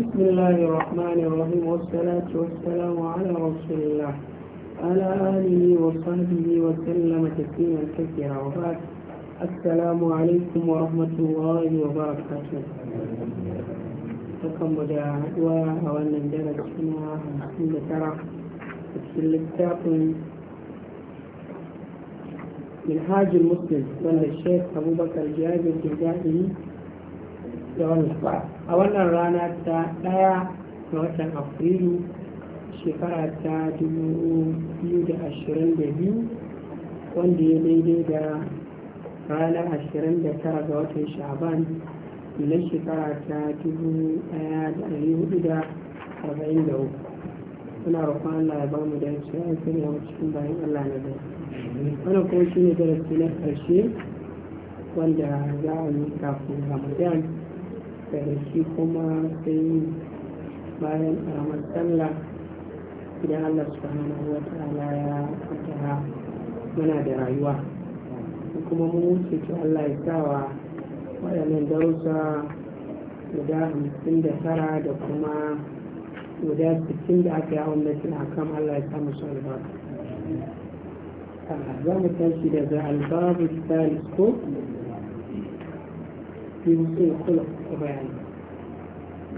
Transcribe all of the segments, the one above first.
بسم الله الرحمن الرحيم والصلاة والسلام على رسول الله على آله وصحبه وسلم تسليما كثيرا وبعد السلام عليكم ورحمة الله وبركاته Akan بدا عدوى وانا a wannan darasi ترى hamsin المسلم tara الشيخ cikin littafin Minhajul Muslim da wannan ba a wannan rana ta ɗaya ga watan afrilu shekara ta 2022 wanda ya daidai da ranar 29 ga watan shaban na shekara ta 1443 suna roƙon Allah ya ba mu da yanci ya yi yawa cikin bayan Allah na gaba wannan kuma shi ne darasi na ƙarshe wanda za a yi kafin ramadan daga shi kuma sai bayan karamar sallah da allah subhanahu wa ta'ala ya fata muna da rayuwa kuma mun wuce ki allah ya sawa waɗannan darussa guda hamsin da tara da kuma guda sittin da aka yawon nasin na kan allah ya samu su albarka za mu tashi daga albabu ko في الخلق الطبيعي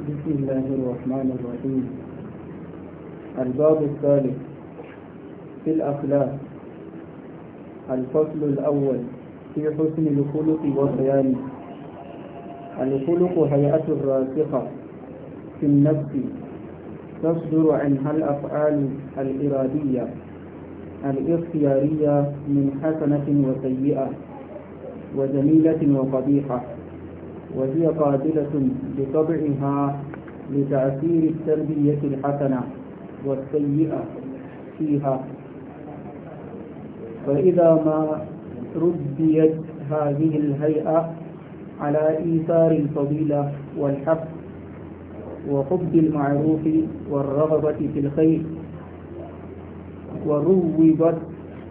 بسم الله الرحمن الرحيم الباب الثالث في الأخلاق الفصل الأول في حسن الخلق وبيانه الخلق هيئة راسخة في النفس تصدر عنها الأفعال الإرادية الاختيارية من حسنة وسيئة وجميلة وقبيحة وهي قابلة بطبعها لتأثير التربية الحسنة والسيئة فيها فإذا ما ربيت هذه الهيئة على إيثار الفضيلة والحق وحب المعروف والرغبة في الخير وروبت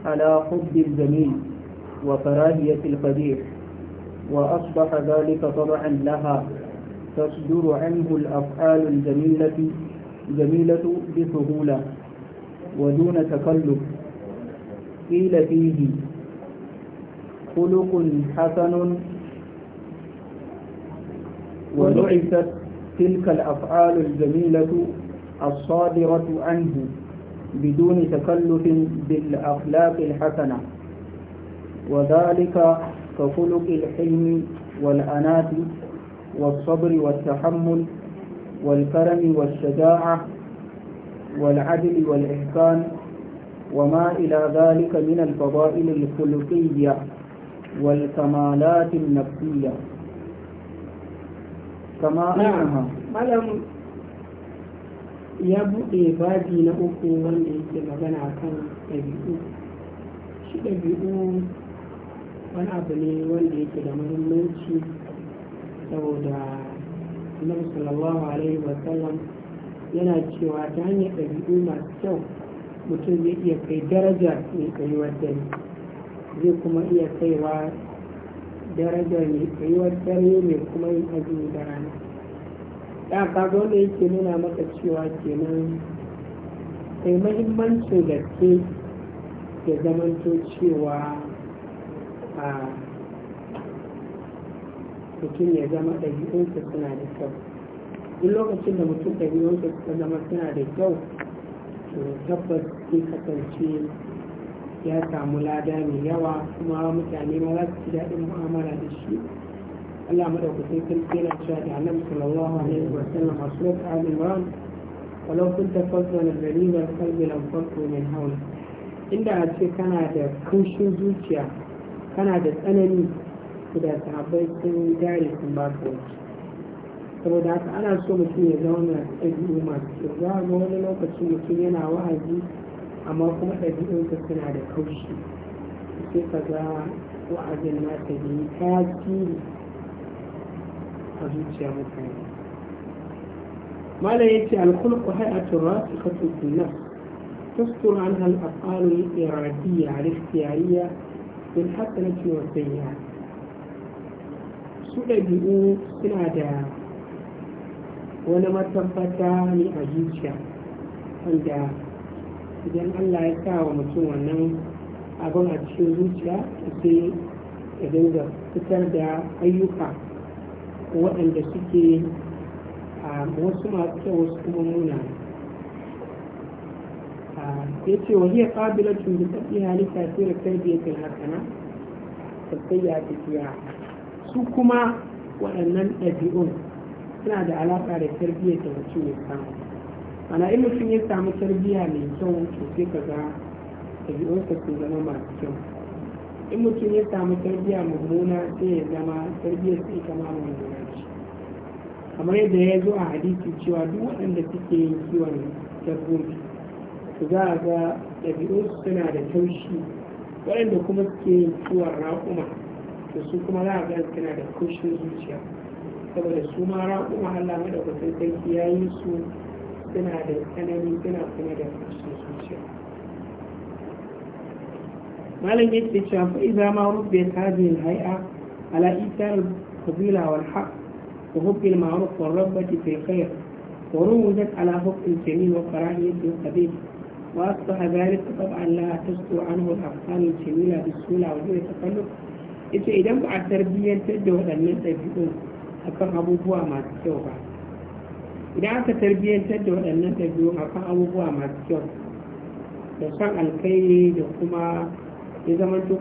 على حب الجميل وكراهية القبيح وأصبح ذلك طبعا لها تصدر عنه الأفعال الجميلة جميلة بسهولة ودون تكلف قيل فيه خلق حسن ولعثت تلك الأفعال الجميلة الصادرة عنه بدون تكلف بالأخلاق الحسنة وذلك كخلق الحلم والأناة والصبر والتحمل والكرم والشجاعة والعدل والإحسان وما إلى ذلك من الفضائل الخلقية والكمالات النفسية كما نعم. أنها malam ya buɗe babi na uku wanda yake magana wani abu ne wanda yake da muhimmanci saboda na sallallahu alaihi sallam yana cewa ta hanyar ɗabi'u masu kyau mutum zai iya kai daraja mai tsayuwar dare zai kuma iya kaiwa daraja mai tsayuwar dare mai kuma yin azumi da rana da kaga wanda yake nuna maka cewa kenan kai mahimmancin gaske da zamanto cewa a mutum ya zama ɗabi'unsa suna da kyau duk lokacin da mutum ɗabi'unsa suka zama suna da kyau to tabbas zai kasance ya samu lada mai yawa kuma mutane ma za su ci daɗin mu'amala da shi Allah madaukakin sarki yana cewa da Annabi sallallahu alaihi wa sallam a surat al-Imran walau kunta fadlan al-ghalib al-qalbi lam fadlu min hawla inda a ce kana da kushin zuciya kana da tsanani da sahabbai sun dare sun ba su wasu saboda haka ana so mutum ya zauna ɗabi'u masu kyau za a ga wani lokacin mutum yana wa'azi amma kuma ɗabi'unsa suna da kaushi sai ka ga wa'azin na ta yi tasiri a zuciya mutane malam ya ce alkulku hay'atun rasikatu fi nafs tastur anha al-af'al al-iradiyya al-ikhtiyariyya bin hasanati wa sayyi'a su ɗabi'u suna da wani matabbata ne a zuciya wanda idan Allah ya sa wa mutum wannan abin a cikin zuciya sai ya dinga fitar da ayyuka waɗanda suke ah, wasu masu kyau wasu kuma munana yace wa hiya su kuma waɗannan ɗabi'un suna da alaƙa da tarbiyyar ya samu ana in mutum ya samu tarbiyya mai kyau to sai ka ga zama masu kyau in mutum ya samu tarbiyya mummuna sai ya zama tarbiyyar sai kama kamar zo a hadisi cewa duk waɗanda suke kiwon dabbobi za a ga ɗabi'unsu suna da taushi waɗanda kuma suke yin ciwon raƙuma da su kuma za a ga suna da kaushin zuciya saboda su ma raƙuma Allah madaukakin sarki ya yi su suna da tsanani suna kuma da kaushin zuciya malam yake cewa fa idza ma rubbiyat hadhihi al-hay'a ala ithar al-qabila wal haqq wa hubb al-ma'ruf wal rabbati fil khair ورمزت على حكم الجميل وكراهية القبيح وأصبح ذلك طبعا لا تسكو عنه الأطفال الجميلة بسهولة وغير تقلب ita idan ba a tarbiyyantar da waɗannan ɗabi'un akan abubuwa masu kyau ba idan aka tarbiyyantar da waɗannan ɗabi'un akan abubuwa masu kyau da san alkai da kuma ya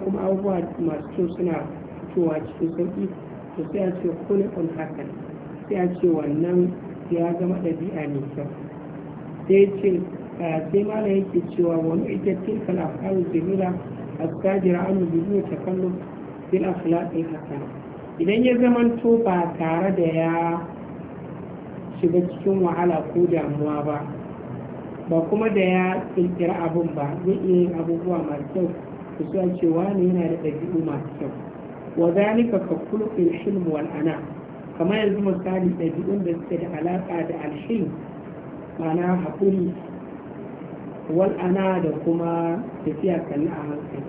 kuma abubuwa masu kyau suna fitowa cikin sauƙi to sai a ce kulikun hakan sai a ce wannan ya zama ɗabi'a mai kyau sai ce sai ma na yake cewa wani ita tilkal af'alu jamila astajira an bizu takallum bil akhlaqil hasana idan ya to ba tare da ya shiga cikin wahala ko damuwa ba ba kuma da ya kirkira abun ba zai iya yin abubuwa masu kyau ku sa cewa ne yana da ɗabi'u masu kyau wa zalika ka kulqil hilm wal ana kamar yanzu misali ɗabi'un da suke da alaƙa da alhilm mana haƙuri wal'ana da kuma tafiya kalli a hankali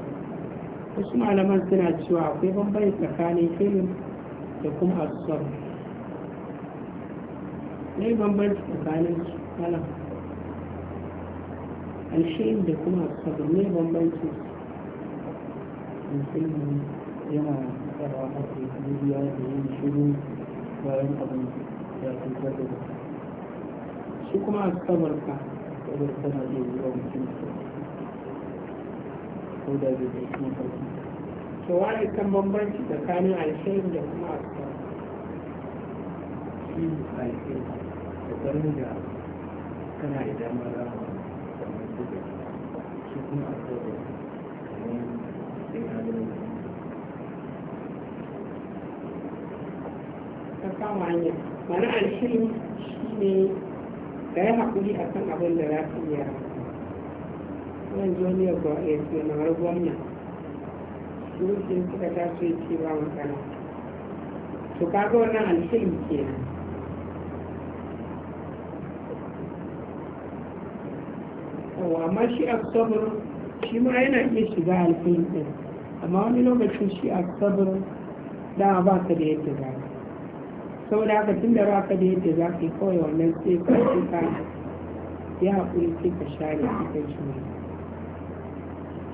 wasu malaman suna cewa akwai bambanci tsakanin filin da kuma asar ne bambanci tsakanin su kalam alshin da kuma asar ne bambanci ilmi yana tsara a haka duniya da yin shirin bayan abin da ya fi shi kuma asabar ka saboda tana iya zuwa mutum ko da bai da kuma farko to wani kan bambanci tsakanin alshayin da kuma a asfar shi alshayin da garin da kana idan mara kamar duka shi kuma a asfar da kamar sai halin ta kama hanyar mana alshayin shi ne ka yi haƙuri a kan abin da za ka iya ya ce na har gwamna surutun suka taso ya ce ba makana to kaga wannan shi shi shiga amma wani shi da saboda haka tun da ba ka da yadda za ka yi kawai wannan sai ka ce ka ya haƙuri sai ka share shi ne.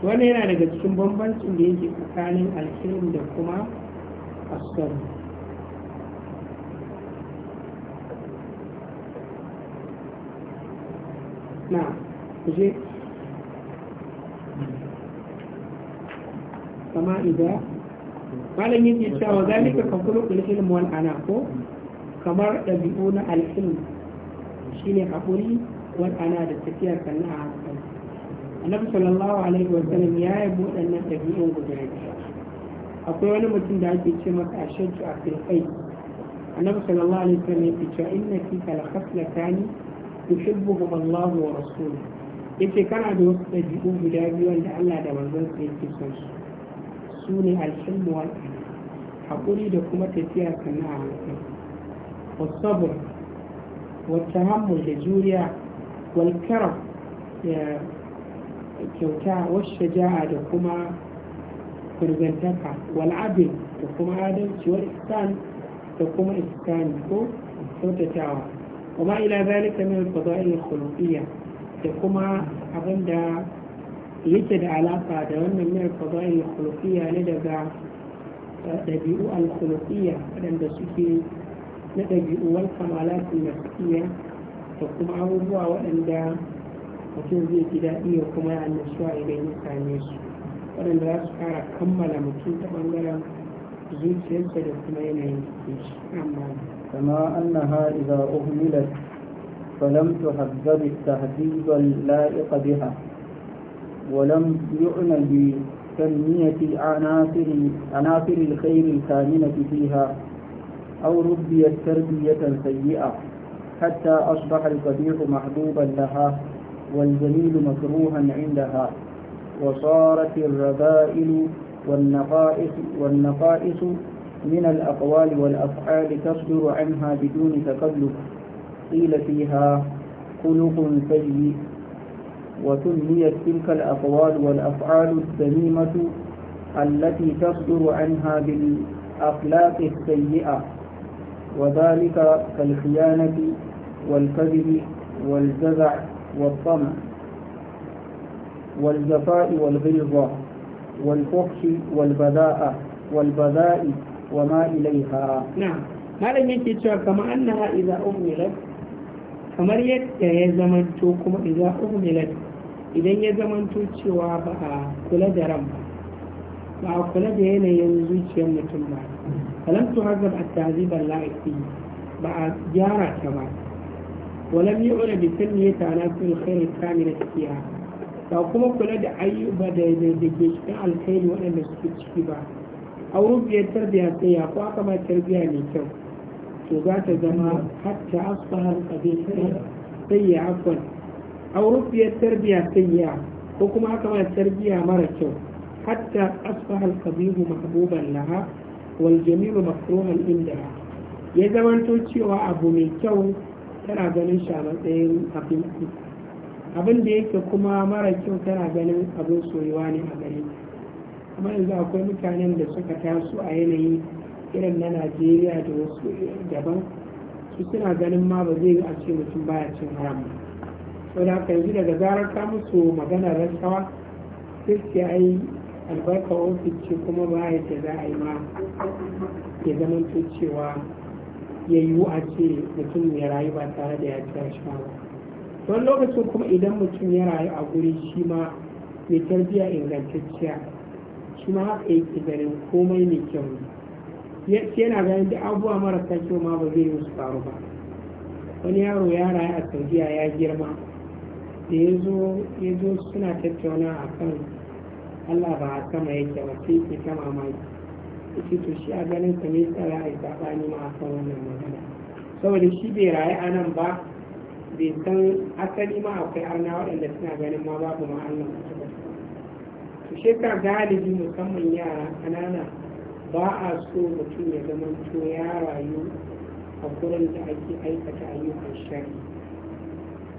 wannan yana daga cikin bambancin da yake tsakanin alhirin da kuma asar na je kama idan malam yake cewa zalika kan kula ilmu wal ana ko kamar ɗabi'u na alhilm shine haƙuri wal ana da tafiya sannan a hankali annabi sallallahu alaihi wa sallam ya yabo waɗannan ɗabi'un guda biyu akwai wani mutum da ake ce masa ashaddu a filfai annabi sallallahu alaihi wa sallam ya ce inna fi kala khaslatani yuhibbuhum Allah wa rasuluhu yace kana da wasu ɗabi'u guda biyu da Allah da manzon sa yake son su su ne alhimmu haƙuri da kuma tafiya sannan a hankali wasabur wata hammul da juriya wal karam da kyauta wasu ja'a da kuma kurgantaka wal abin da kuma adalci wa iskan da kuma iskan ko kyautatawa kuma ila zalika min al-fada'il khuluqiyya da kuma abinda يجد على قاعدة من القضاء الخلقية ندبع تبيء آه، الخلقية لأن بسكي ندبع والكمالات النفسية تقوم عوضوا وأن دا وتنزي تدائي وكما أن نسوى يعني إليه كانيس وأن سكارة كمل مكينة وأنجرة زيت سلسة لكما ينهيش كما أنها إذا أهملت فلم تهذب التهذيب اللائق بها ولم يؤن بتنمية عناصر, الخير الكامنة فيها أو ربيت تربية سيئة حتى أصبح القبيح محبوبا لها والجميل مكروها عندها وصارت الرذائل والنقائص, والنقائص من الأقوال والأفعال تصدر عنها بدون تكلف قيل فيها خلق سيء وتنهيت تلك الأقوال والأفعال السليمة التي تصدر عنها بالأخلاق السيئة وذلك كالخيانة والكذب والجزع والطمع والجفاء والغلظة والفحش والبذاءة والبذاء وما إليها نعم هذا من يتشعر كما أنها إذا أهملت فمريت يا زمن توكم إذا أغملت idan ya zamanto cewa ba a kula da ran ba ba a kula da yanayin zuciyar mutum ba falam har hazab ta ziba la'iqi ba a gyara ta ba walam ta na sunniyati ala ta ne na tafiya ba kuma kula da ba da da ke cikin alkhairi waɗanda suke ciki ba a rubiyar tarbiyya sai ya ko aka ba tarbiyya mai kyau to za ta zama hatta asfahar abin sai ya afwan aw rubiyat tarbiya sayya ko kuma aka mata tarbiya mara kyau hatta asbaha al-qabih mahbuban laha wal jamil makruhan indaha ya zamanto cewa abu mai kyau tana ganin shi a matsayin abin abin da yake kuma mara kyau tana ganin abin soyuwa ne a gare kuma yanzu akwai mutanen da suka taso a yanayi irin na najeriya da wasu daban su suna ganin ma ba zai a ce mutum baya cin haram ba sau haka yanzu daga zarar ta musu magana rasawa sai a yi albarka ofis kuma ba ya ce za a yi ma ya zama cewa ya yiwu a ce mutum ya rayu ba tare da ya ci rashawa ba wani lokacin kuma idan mutum ya rayu a guri shi ma mai tarbiya ingantacciya shi ma haka yake ganin komai mai kyau yana ganin da abubuwa marasa kyau ma ba zai yi wasu faru ba wani yaro ya rayu a saudiya ya girma da ya zo ya zo suna tattauna a kan allah ba a sama yake ba sai ke ta mai ce to shi a ganin sa ne tsara a yi ma a kan wannan magana saboda shi bai rayu a nan ba bai san asali ma akwai arna waɗanda suna ganin ma babu ma allah to ka galibi musamman yara ƙanana ba a so mutum ya zama to ya rayu a gurin da ake aikata ayyukan shari'a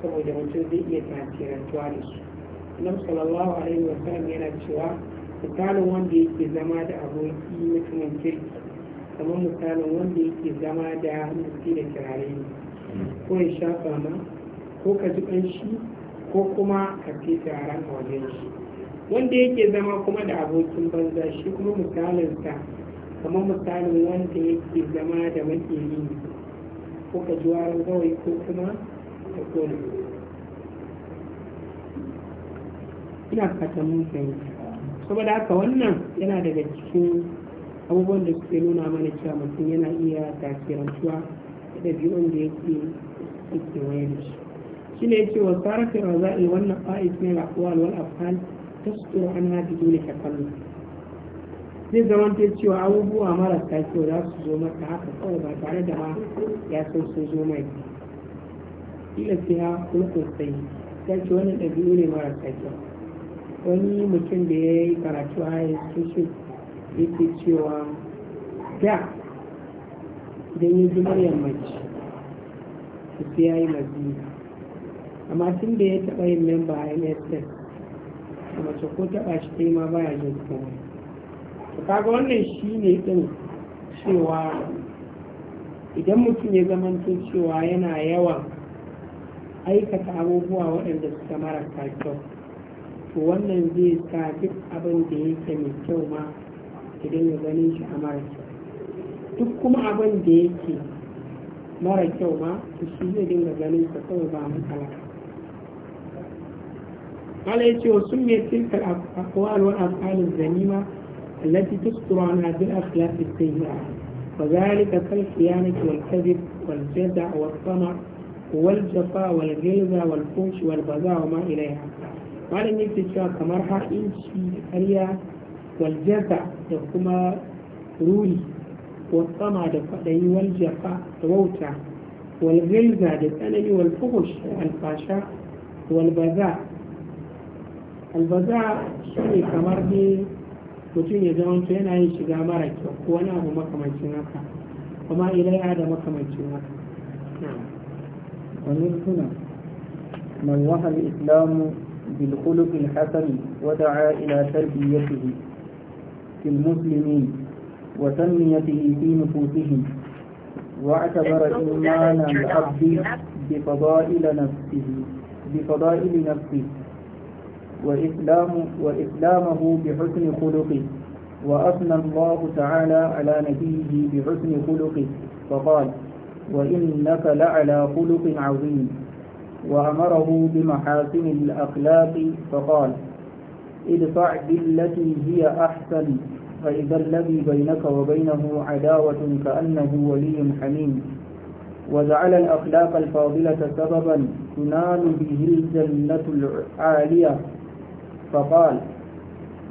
saboda mutum zai iya tasirantuwa da su nan sallallahu alaihi wa sallam yana cewa misalin wanda yake zama da aboki mutumin kirki kamar misalin wanda yake zama da mutum da kirare ne ko ya shafa ma ko ka ji ƙanshi ko kuma ka fi taron a wajen shi wanda yake zama kuma da abokin banza shi kuma misalinsa kamar misalin wanda yake zama da makeri ko ka ji warin gawai ko kuma ina fata mun fahimta saboda haka wannan yana daga cikin abubuwan da suke nuna mana cewa mutum yana iya tasirantuwa da ɗabi'un da yake suke wayar da shi shi ne yake wa tsarafin raza'il wannan fa'is ne al'akwal wal afhal ta tsoro an haɗi dole ta kallo zai zamanta cewa abubuwa marasa kyau za su zo mata haka kawai ba tare da ma ya san sun zo mai kila fiya kulkul sai ta ce wani ɗabi'u ne mara kyau wani mutum da ya yi karatu a ya ke cewa da idan ya ji muryar mace sai ya yi mazi amma tun da ya taɓa yin memba a mss a mace ko taɓa shi ta yi ma baya jin komai to kaga wannan shi ne ɗin cewa idan mutum ya zamanto cewa yana yawan aikata abubuwa waɗanda suka marasa kyau to wannan zai sa duk abin da yake mai kyau ma idan ya ganin shi a mara kyau duk kuma abin da yake mara kyau ma to shi zai dinga ganin sa kawai ba mu matsala قال يتيو سميت تلك الأقوال والأفعال الذميمة التي تذكر عنها بالأخلاق السيئة وذلك كالخيانة والكذب والجزع والطمع والجفا والغلظة والفوش walbaza وما إليها malam yake cewa kamar ha'inci karya waljaza da kuma ruri wasama da kwaɗayi waljafa da wauta walgilza da tsanani walfuhush da alfasha walbaza albaza shi ne kamar ne mutum ya zama to yana yin shiga mara kyau ko wani abu makamancin haka kuma ilaiya da makamancin haka na'am ومن هنا وهى الإسلام بالخلق الحسن ودعا إلى تربيته في المسلمين وتنميته في نفوسهم واعتبر إيمان العبد بفضائل نفسه بفضائل نفسه وإسلام وإسلامه بحسن خلقه وأثنى الله تعالى على نبيه بحسن خلقه فقال وإنك لعلى خلق عظيم وأمره بمحاسن الأخلاق فقال ادفع بالتي هي أحسن فإذا الذي بينك وبينه عداوة كأنه ولي حميم وجعل الأخلاق الفاضلة سببا تنال به الجنة العالية فقال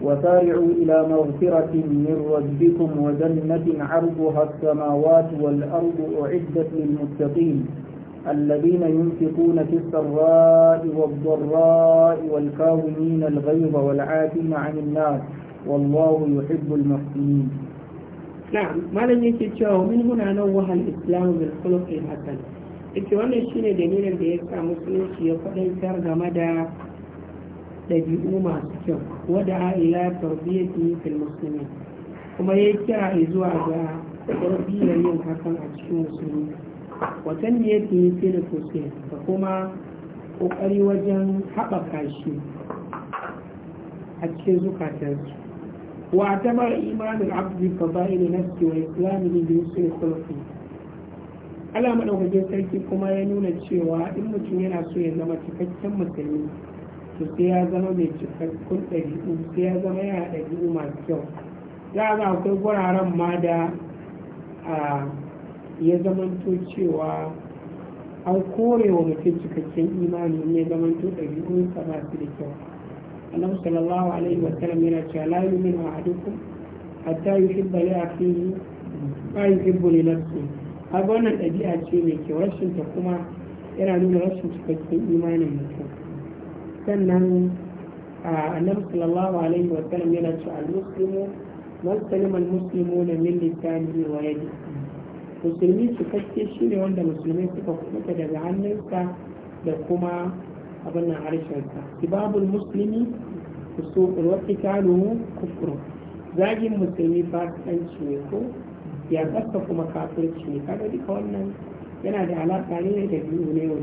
وسارعوا إلى مغفرة من ربكم وجنة عرضها السماوات والأرض أعدت للمتقين الذين ينفقون في السراء والضراء والكاظمين الغيظ والعافين عن الناس والله يحب المحسنين نعم ما لم يتشاو من هنا نوه الإسلام بالخلق الحسن إذا وانا شين دليل يسعى مسلم شيء كرد مدى ɗabi'u masu kyau wadda a ila tarbiyyati fil musulmi kuma ya kira zuwa ga tarbiyyar yin hakan a cikin musulmi watan da yake yi fi da sosai da kuma ƙoƙari wajen haɓaka shi a cikin zukatansu wa ta bar imanin abdi ka bayi da nafsi wa islamin da yusuf kulfi Allah maɗaukakin sarki kuma ya nuna cewa in mutum yana so ya zama cikakken musulmi to sai ya zama mai cikakkun uku, sai ya zama yana uku masu kyau za a ga akwai guraren ma da ya zamanto cewa an kore wa mutum cikakken imani ɗari ɗari ɗabi'unsa ba su da kyau annabi sallallahu alaihi wa sallam yana cewa la yu'minu ahadukum hatta yuhibba li akhihi ma yuhibbu li nafsihi kaga wannan ɗabi'a ce mai kyau rashin ta kuma yana nuna rashin cikakken imanin mutum sannan annabi sallallahu alaihi wa sallam yana cewa al-muslimu man salima al-muslimuna min lisanihi wa yadihi musulmi cikakke ne wanda musulmi suka kuka daga hannunsa da kuma abin nan harshensa kibabul muslimi fusuqul wa qitaluhu kufru zagin musulmi fasikanci ne ko ya kasa kuma kafirci ne kaga duka wannan yana da alaƙa ne da biyu ne wa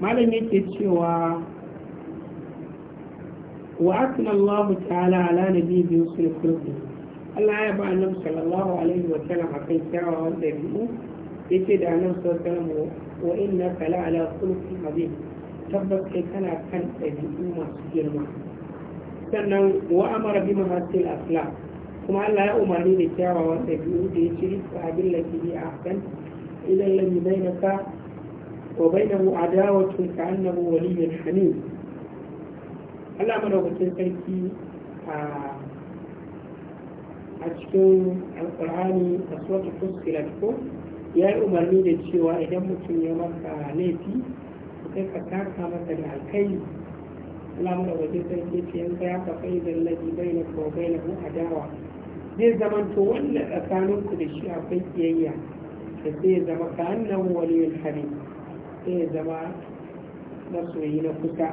malam yake cewa wa akna Allah ta'ala ala nabiyyi usul kulli Allah ya ba annab sallallahu alaihi wa sallam akan kyawawan Ya ce da annab sallallahu wa inna kala ala khuluqin azim tabbas kai kana kan dabi'u masu girma sannan wa amara bi mahasil asla kuma Allah ya umarni da kyawawan dabi'u da ya ci rika abin lafiya a kan idan lam yubainaka وبينه عداوة كأنه ولي حميم Allah madaukakin sarki a cikin alkur'ani a suwata fuskilat ko ya yi umarni da cewa idan mutum ya maka laifi sai ka taka masa da alkai Allah madaukakin sarki ce yanzu ya ka fai zallabi na ko bai na adawa zai zama to wanda tsakaninku da shi akwai kiyayya da zai zama ka annan waliyul harim ya zama masoyi na kusa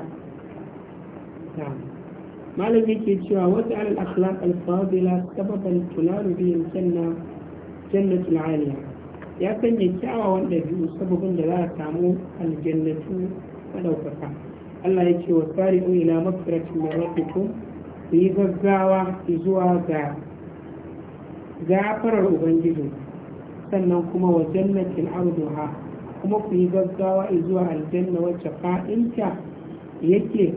malam yake cewa wata alal akhlaq al fadila sababan tunaru bihi janna jannatul aliya ya sanya kyawawan ɗabi'u sababin da za a samu aljannatu madaukaka Allah ya ce wa sari'u ila magfiratin min rabbikum ku yi gaggawa zuwa ga gafarar ubangiji sannan kuma wa jannatin arduha kuma ku yi gaggawa zuwa aljanna wacce fa'inta yake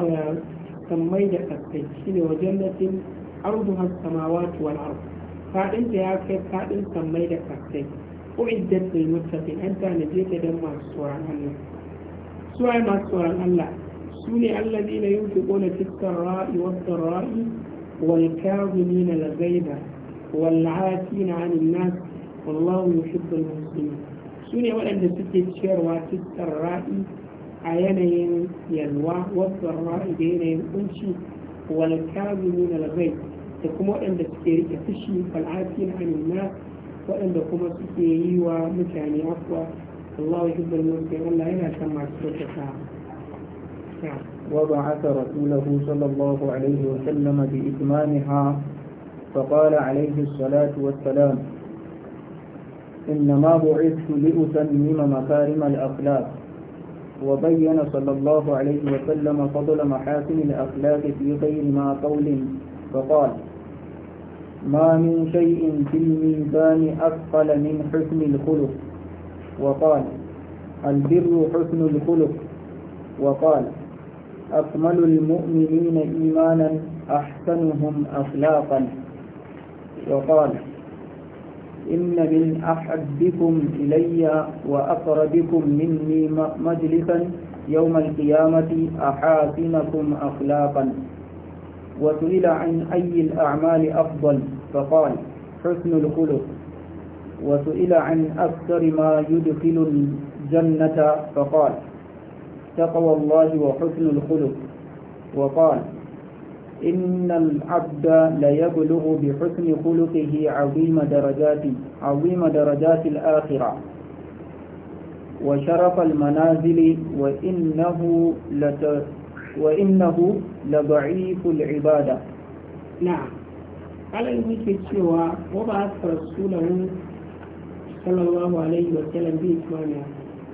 eh, sammai da ne wajen wa jannatin arduha samawati wal ard fa'inta ya kai fa'in sammai da kaskai uiddat lil muttaqin an tanaje ta dan masu tsoron Allah su ai masu tsoron Allah su ne allazina yunfiquna fi sarra'i was sarra'i wal kadhimina al-ghaiba wal 'afina 'anil nas والله يحب المسلمين su ne waɗanda suke ciyarwa cikin ra'i a yanayin yalwa wasu ra'i da yanayin kunci wal kazimin da kuma waɗanda suke rike fushi wal afin anin waɗanda kuma suke yi wa mutane afwa Allah ya hibbal mulki Allah yana san masu kyautata وبعث رسوله صلى الله عليه وسلم بإتمامها فقال عليه الصلاة والسلام إنما بعثت لأتمم مكارم الأخلاق وبين صلى الله عليه وسلم فضل محاسن الأخلاق في غير ما قول فقال ما من شيء في الميزان أثقل من حسن الخلق وقال البر حسن الخلق وقال أكمل المؤمنين إيمانا أحسنهم أخلاقا وقال إن من أحبكم إلي وأقربكم مني مجلسا يوم القيامة أحاسنكم أخلاقا وسئل عن أي الأعمال أفضل فقال حسن الخلق وسئل عن أكثر ما يدخل الجنة فقال تقوى الله وحسن الخلق وقال إن العبد ليبلغ بحسن خلقه عظيم درجات عظيم درجات الآخرة وشرف المنازل وإنه لت وإنه لضعيف العبادة نعم قال الملك سوى وبعث رسوله صلى الله عليه وسلم بإتمامها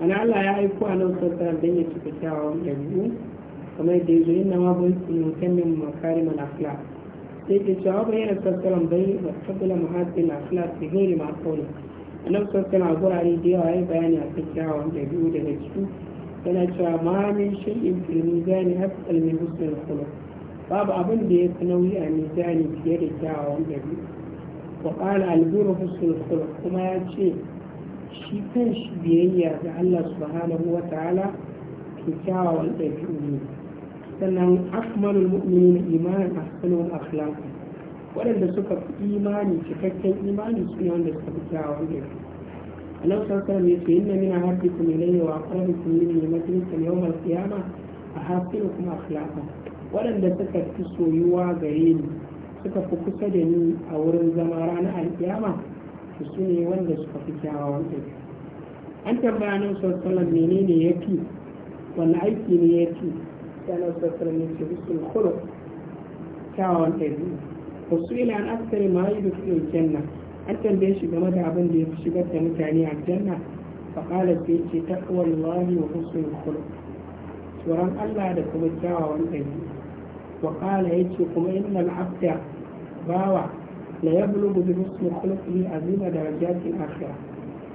أنا الله يعرف أنه سلطان بين سكتاهم يبدو kamar yadda ya zo inna ma bu mukammin makarimal akhlaq sai ke cewa bayyana sassalan bai wa tabbala na akhlaq bi ghairi ma qawli annabi sallallahu a wurare da yawa ya bayani a kan kyawun dabi'u daga ciki yana cewa ma min shay'in fil mizani hasal min husnil khuluq babu abin da ya fi nauyi a zani fiye da kyawun dabi'u wa qala al-birru kuma ya ce shi kan shi biyayya ga Allah subhanahu wa ta'ala kyakkyawan ɗabi'u ne sannan akmalul mu'minin imanin ahsanul akhlaq waɗanda suka fi imani cikakken imani su ne wanda suka fi kyawun ne annabi sallallahu alaihi wasallam inna min ahadikum ilayya wa aqrabukum min majlisan yawm al-qiyamah ahasinukum akhlaqan waɗanda suka fi soyuwa gare ni suka fi kusa da ni a wurin zama ranar alkiyama su su ne wanda suka fi kyawawan aiki an tambaya nan sallallahu menene ya fi wani aiki ne ya fi sai na sassan ne an aksari ma yi da suke an tambaye shi game da abin da ya fi shigar da mutane a janna faƙala ta ce takwallahi wa husnul khulu tsoron Allah da kuma kyawawan ɗabi wa ƙala ya ce kuma innal abda bawa la yablughu bi husnul khuluqi azima darajatil akhirah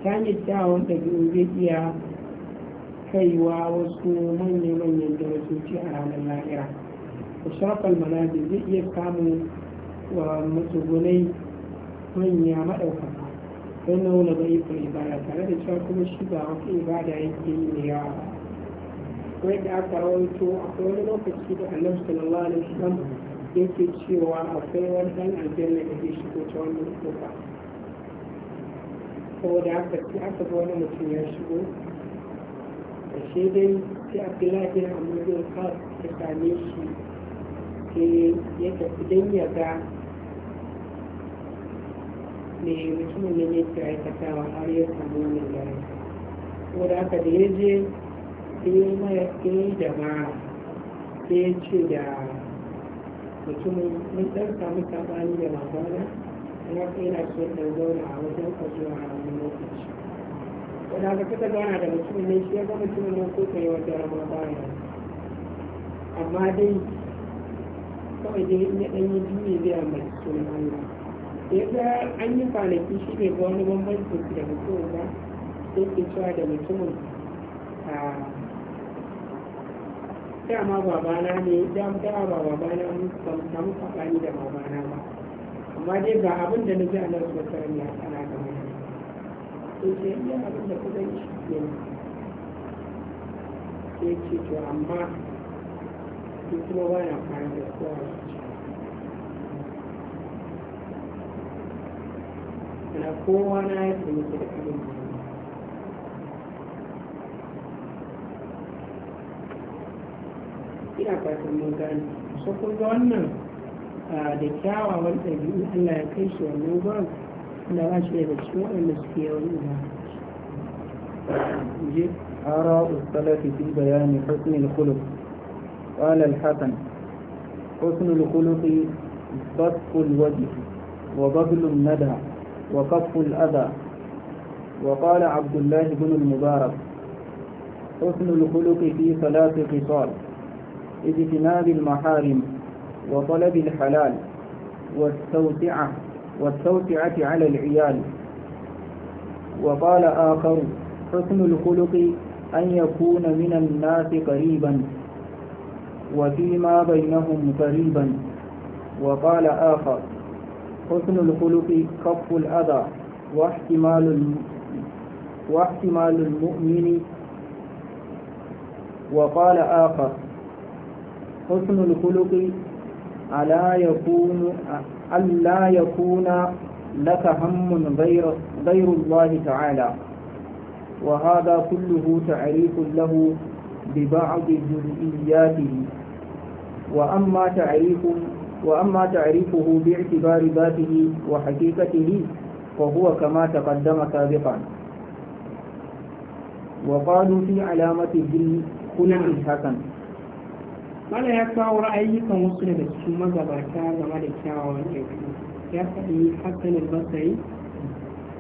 ta hanyar kyawawan ɗabi'u kaiwa wasu manya-manyan darajoji a ranar lahira shafal manazi zai iya samun wa matsugunai manya maɗaukaka don na wula bai ikon ibada tare da cewa kuma shi ba wata ibada yake yi da yawa ba wai da aka rawaito akwai wani lokaci da annabi sallallahu alaihi wasallam yake cewa akwai wani dan aljanna da zai shigo ta lokaci. Ko da aka sai aka ga wani mutum ya shigo da shi dai sai abdullahi amma zai kawai ta same shi sai ya tafi don ya ga me mutumin nan yake aikatawa har ya samu wannan gari saboda haka da ya je sai ya mara kai da mara sai ya ce da mutumin mun ɗan samu saɓani da magana, babana kuma yana so ɗan zauna a wajen kwajewa a wani lokaci da haka suka zauna da mutumin ne shi ya ga mutumin ne ko kai wata rama baya amma dai kawai dai in ya ɗanyi juye zai ambaci sunan Allah ya ga an yi kwanaki shi ne ga wani bambanci da mutumin ba sai ke cewa da mutumin a dama babana ne dama ba babana ban samu saɓani da babana ba amma dai ba abin da na ji a nan sosai ne a tsana sai ce iya abin da kudan shi ke ce to amma su kuma ba da kowa na kowa na ya da abin da ina fatan mun gani, so kun ga wannan ah, da kyawawan ɗabi'u Allah ya kai shi wannan gwamnati لا آراء السلف في بيان حسن الخلق قال الحسن حسن الخلق بسط الوجه وبذل الندى وكف الأذى وقال عبد الله بن المبارك حسن الخلق في ثلاث خصال اجتناب المحارم وطلب الحلال والتوسعة والتوسعة على العيال وقال آخر حسن الخلق أن يكون من الناس قريبا وفيما بينهم قريبا وقال آخر حسن الخلق كف الأذى واحتمال واحتمال المؤمن وقال آخر حسن الخلق ألا يكون alla ya kuna laka hammun ghairullahi ta'ala wa hada kulluhu ta'rifun lahu bi ba'di juz'iyyatihi wa amma ta'rifun wa amma ta'rifuhu bi i'tibari dhatihi wa haqiqatihi fa huwa kama taqaddama sabiqan wa qalu fi alamati dhil kulli hakan yeah. mana ya kawo ra'ayyukan wasu daga cikin magabata game da kyawawan ɗabi'u ya faɗi hassan al-basari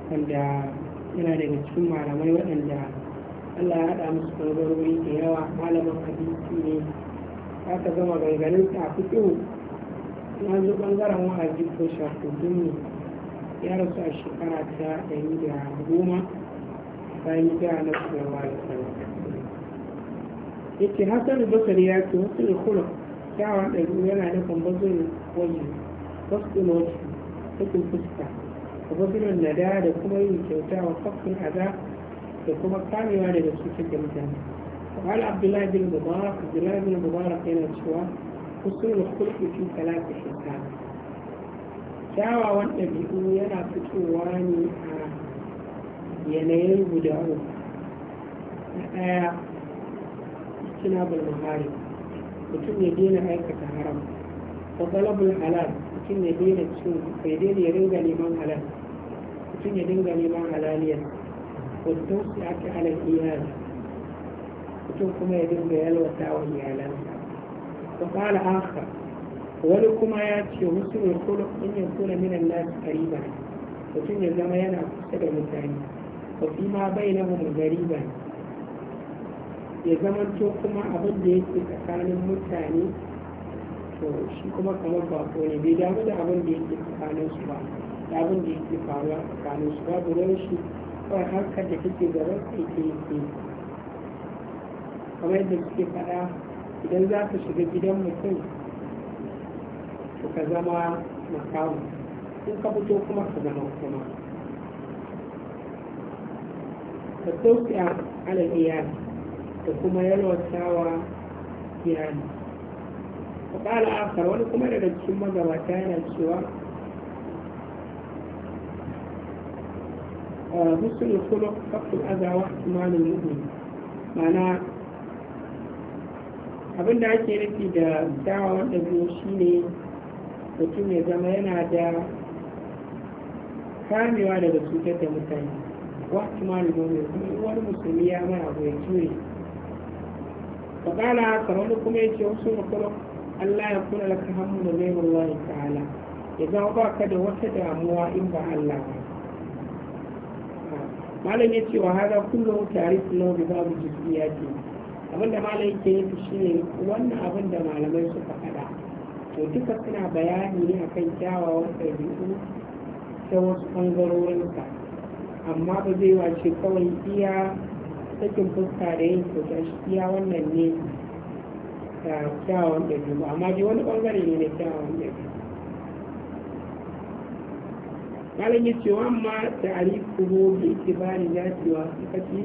wanda yana daga cikin malamai waɗanda allah ya haɗa musu ɓangarori da yawa malamin hadisi ne aka gama ta a fito na zo ɓangaren wa'azi ko shafudin ne ya rasu a shekara ta ɗari da goma bayan gida na shugaba yake hasan bakari ya ce wasu kuna kyawun ɗaru yana da kambazin waje wasu ɗinoci cikin fuska da na nada da kuma yin kyauta wa kafin aza da kuma kamewa daga cikin da mutane وقال عبد الله da مبارك عبد الله بن مبارك هنا da حسن الخلق في ثلاث kyawawan ɗabi'u yana fitowa ne a yanayin guda uku na ɗaya اجتناب المحارم mutum ya daina aikata haram wa talabul halal mutum ya daina cin ya daina ya ringa neman halal mutum ya dinga neman halaliyar wa tausi aka halal iyali mutum kuma ya dinga yalwata wa iyalansa wa qala akhar wani kuma ya ce musu ne kullu in yakuna min an-nas qariban mutum ya zama yana kusa da mutane wa fi ma bainahum qariban ya to kuma abin da yake tsakanin mutane to shi kuma kamar ko ne bai damu da abin da yake tsakanin su ba da abin da yake faruwa tsakanin su ba gudun shi kawai harka da take gaban ka ita yake kamar yadda suke faɗa idan za ka shiga gidan mutum to ka zama makamu in ka fito kuma ka zama kuma ka tsofiya a iyali da kuma yalwatawa kirani a ƙara akar wani kuma daga cikin magabata yana cewa ah, husnul kuma kafin azawa imanin mu'min ma'ana abin da ake nufi da kyawawan ɗabi'u shine mutum ya zama yana da kamewa daga cutar da mutane wa imanin mu'min kuma wani musulmi ya mara ya jure فقال كمان كما يتي وسوء قلوب Allah ya kula laka hannu da zai wallahi ta'ala ya zama ba ka da wata damuwa in ba Allah ba malam ya ce wa hada kullum tare su lau da babu jisbiya abin da malam yake nufi shine wannan abin da malamai suka faɗa to duka suna bayani ne akan kyawawan ɗabi'u ta wasu ɓangarorinsa amma ba zai wace kawai iya sakin fuska da yin kyauta shi iya wannan ne da kyawawan ɗabi'u amma dai wani ɓangare ne na kyawawan ɗabi'u malam ya ce wa amma da arifuhu bi itibari zati wa sifati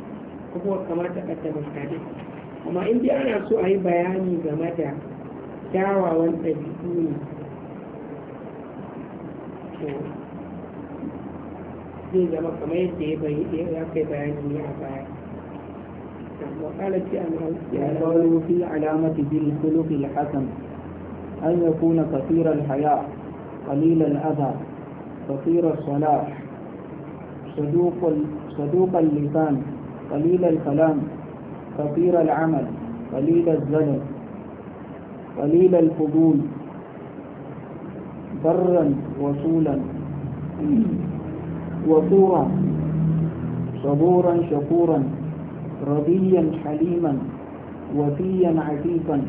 kuma kamata a tabbata amma in dai ana so a yi bayani game da kyawawan ɗabi'u ne zai zama kamar yadda ya kai bayani ne a baya وقالت يعني قالوا في علامة بالخلق الحسن أن يكون كثير الحياء قليل الأذى كثير الصلاح صدوق صدوق اللسان قليل الكلام كثير العمل قليل الزلل قليل الفضول برا وصولا وصورا صبورا شكورا رضيا حليما وفيا عفيفا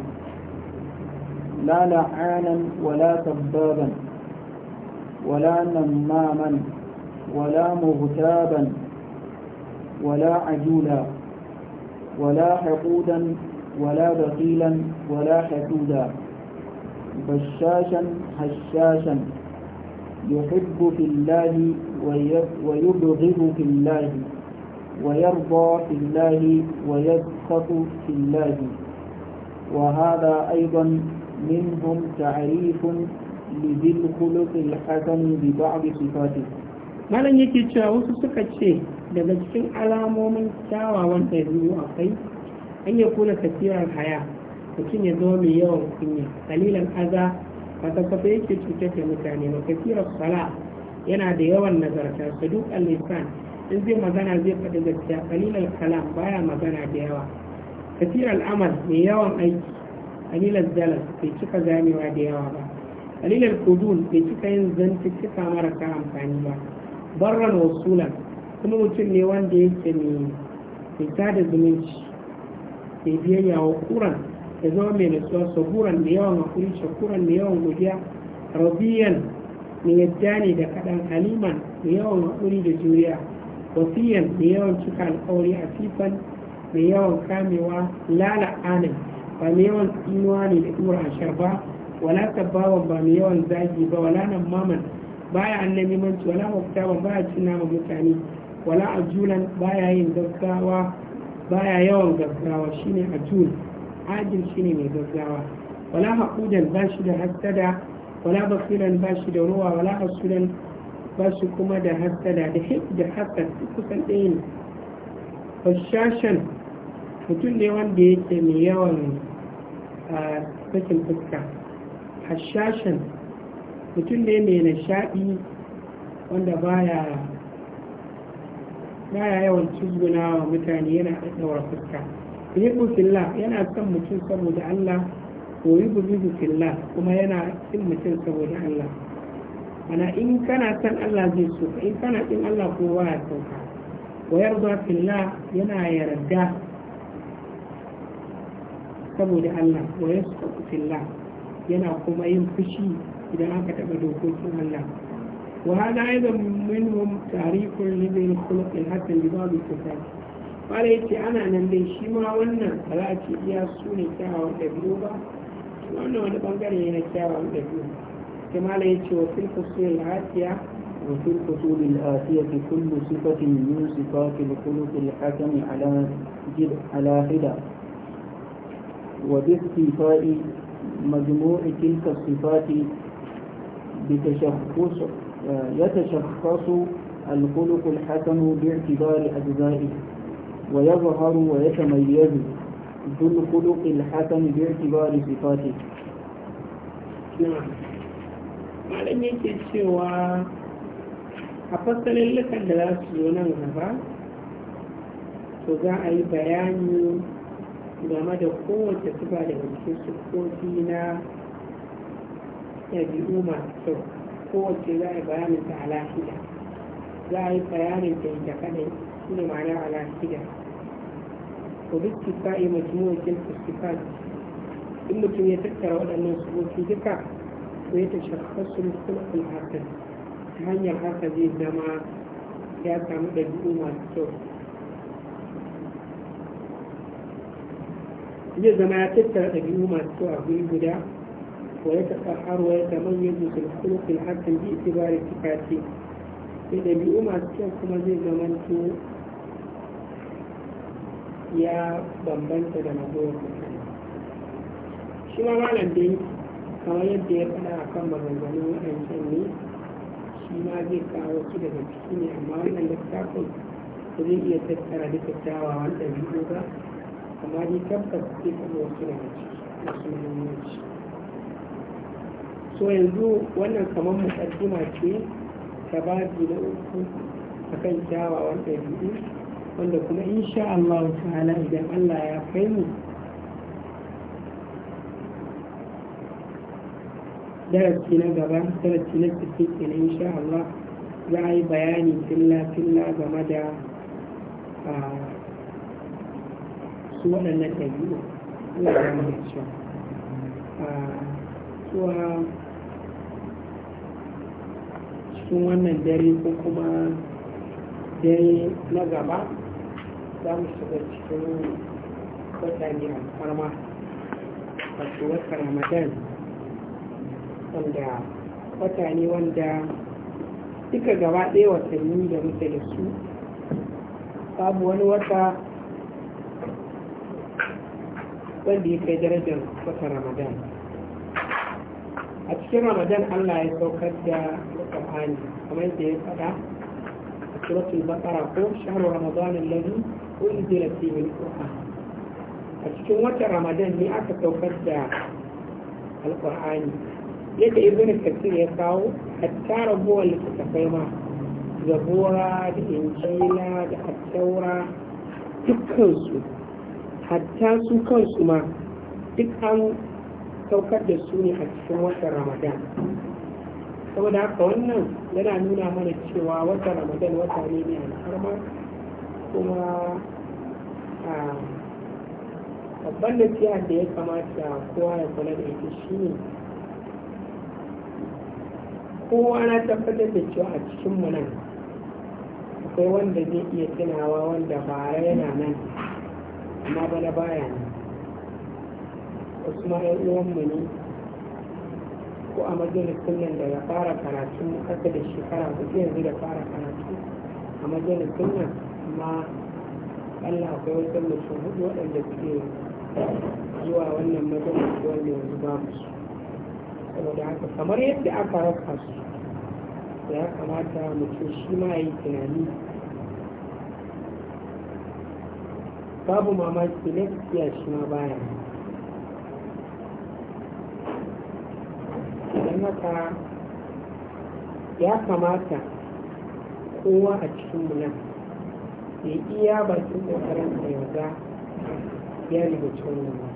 لا لعانا ولا تبابا ولا نماما ولا مغتابا ولا عجولا ولا حقودا ولا بخيلا ولا حسودا بشاشا هشاشا يحب في الله ويبغض في الله ويرضى في الله ويسخط في الله وهذا أيضا منهم تعريف لذي الخلق الحسن ببعض صفاته malam yake cewa wasu suka ce daga cikin alamomin kyawawan ɗabi'u akwai an ya kuna tafiyar haya mutum ya zama mai yawan kunya kalilan aza ba ta kafa yake cutar da mutane ba tafiyar sala yana da yawan nazarta duk alisan in zai magana zai faɗi gaskiya kalilal kalam baya magana da yawa kasir al'amal mai yawan aiki kalilal jalas bai cika ganewa da yawa ba kalilal kudun bai cika yin zantuttuka marasa amfani ba barran wasula kuma mutum ne wanda yake mai tada zumunci mai biyayya wa kuran ya zama mai nasuwa saburan da yawan hakuri shakuran da yawan godiya rabiyan mai yadda ne da kaɗan haliman da yawan hakuri da juriya wasiyar mai yawan cika alkawari a sifan mai yawan kamewa lala'anin ba mai yawan tsinuwa ne da ɗura ashar ba wala tabbawan ba mai yawan zagi ba wala nan maman baya annabi manci wala mafitaban baya cin nama mutane wala ajulan baya yin gaggawa baya yawan gaggawa shine ajul ajil shine mai gaggawa wala haƙudan ba shi da hassada wala basiran ba shi da ruwa wala hasudan bashi kuma da hasada da da hasad kusan ɗaya ne fashashan mutum ne wanda yake mai yawan a sakin fuska hashashan mutum ne mai nishaɗi wanda baya ya yawan cizguna wa mutane yana ɗaɗɗawar fuska yuhibbu fillah yana son mutum saboda Allah wa yuhibbu fillah kuma yana cin mutum saboda Allah ana in kana san Allah zai so in kana kin Allah ko ba ya so wa yarda fillah yana yarda saboda Allah wa yasqutu fillah yana kuma yin fushi idan aka taba dokokin Allah wa hada aidan minhum tarikul lidil khuluq hatta libab kitab fara yace ana nan dai shi ma wannan ba za a ce iya su ne kyawawan ɗabi'u ba wannan wani ɓangare ne na kyawawan ɗabi'u كما لا وفي الفصول العاتية وفي الفصول الآتية كل صفة من صفات الخلق الحكم على جد على حدة وباختفاء مجموع تلك الصفات بتشخص يتشخص الخلق الحكم باعتبار أجزائه ويظهر ويتميز ذو الخلق الحكم باعتبار صفاته نعم. malam yake cewa a fasalin lukan da za su zo nan gaba to za a yi bayani game da kowace suba daga cikin sukofi na ɗabi'u masu kyau kowace za a yi bayanin ta alashida za a yi bayanin ta ita kadai shi ne ma'ana alashida ko duk kifa'i mutum wakil kusurfa in mutum ya tattara waɗannan sukofi duka ويتشخص الخلق الحسن هنيا هكذا زما يا سامو دبيو ما تشوف zai zama ya tattara ɗabi'u masu kyau a guri guda wa ya taɓa har wa ya zama yin musul kulkul hakan bi itibari tikati da ɗabi'u masu kyau kuma zai zama to ya bambanta da magoya shi ma malam da yake kawai yadda ya faɗa a kan maganganun waɗancan ne shi ma zai kawo da daga ciki ne amma wannan littafin ba zai iya tattara duka wanda ɗabi'u ba amma dai tabbas zai kawo wasu daga ciki masu muhimmanci so yanzu wannan kamar mukaddima ce ta babi na uku akan kyawawan ɗabi'u wanda kuma insha Allah ta'ala idan Allah ya kai mu darasi na gaba darasi na cikin kenan insha Allah za a yi bayani filla-filla game da su waɗannan ɗabi'u Allah ya mu cewa cewa cikin wannan dare ko kuma dare na gaba za mu shiga cikin waɗanne alfarma wato wata ramadan wanda wata ne wanda duka gaba ɗaya watanni da muke da su babu wani wata wanda ya kai darajar wata ramadan a cikin ramadan allah ya saukar da alƙur'ani kamar yadda ya faɗa a suratul bakara ko shahru ramadan alladhi unzila fihi kuka a cikin wata ramadan ne aka saukar da alkur'ani yadda ibn kasir ya kawo hatta rabuwar littattafai ma zabura da injila da attaura dukkansu hatta su kansu ma duk an saukar da su ne a cikin watan ramadan saboda haka wannan yana nuna mana cewa watan ramadan wata ne mai alfarma kuma a babban da da ya kamata kowa ya kula da ita ne. kowa na tabbatar da cewa a cikin mu nan akwai wanda zai iya tunawa wanda fara yana nan amma bana baya nan wasu ma yan ne ko a majalisun nan daga fara karatu kasa da shekara hudu yanzu da fara karatu a majalisun nan amma Allah akwai wasu mutum hudu waɗanda suke zuwa wannan majalis wanda yanzu babu su da haka kamar yadda aka raka su ya kamata mutum shi ma yi tunani babu mamaki na tafiya shi ma baya idan haka ya kamata kowa a cikin nan ya iya bakin kokarin da ya ga ya riga cikin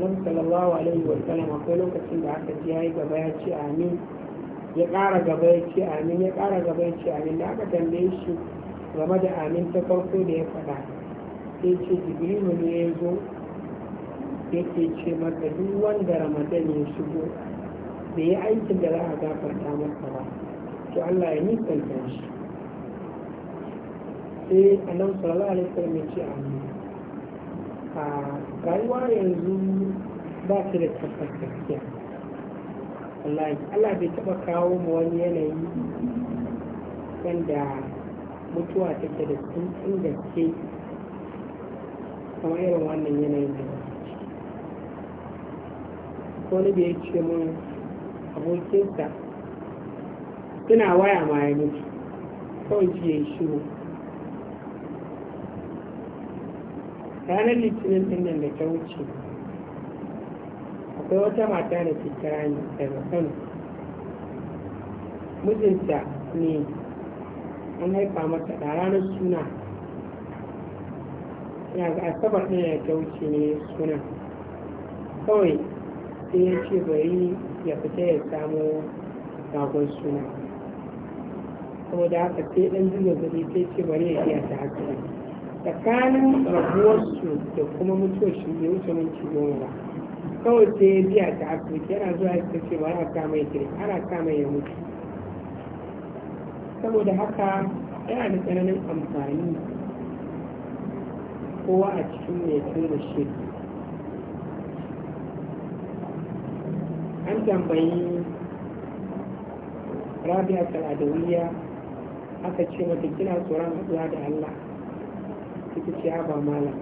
nan sallallahu alaihi wa sallam akwai lokacin da aka ji yayi gaba ya ce amin ya ƙara gaba ya ce amin ya ƙara gaba ya ce amin da aka tambaye shi game da amin ta farko da ya faɗa sai ce jibrilu ne ya zo yake ce masa duk wanda ramadan ya shigo da ya aikin da za a gafarta masa ba to Allah ya nisanta shi sai annabi sallallahu alaihi wa sallam ya ce amin a rayuwa yanzu ba ta da tabbas gaskiya Allah bai taba kawo mu wani yanayi wanda mutuwa take da tsuntsun gaske kamar irin wannan yanayin da wani da ya ce mun abokinsa suna waya ma ya mutu kawai ji ya yi shiru ranar litinin din nan da ta wuce akwai wata mata da ke kira ni daga kano mijinta ne an haifa mata da ranar suna ya ga asabar ɗaya da ta wuce ne suna kawai sai ya ce bari ya fita ya samo sabon suna saboda haka sai ɗan jirgin zai ce bari ya iya ta haka tsakanin rabuwarsu da kuma mutuwar shi ya wuce minti goma ba kawai sai yi biya ta afirka yana zuwa ya ce ba ana kama ya kiri ana kama ya mutu saboda haka yana da tsananin amfani kowa a cikin mai tura shi an tambayi rabia al'adawiyya aka ce mata kina tsoron haɗuwa da allah cikin ce ba malam